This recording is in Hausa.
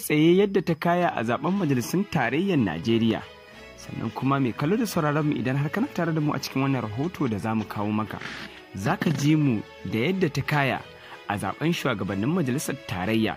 tsaye yadda ta kaya a zaben majalisun tarayyar Najeriya. Sannan kuma mai kallo da sauraron mu idan har kana tare da mu a cikin wannan rahoto da zamu kawo maka. zaka ji mu da yadda ta kaya a zaben shugabannin majalisar tarayya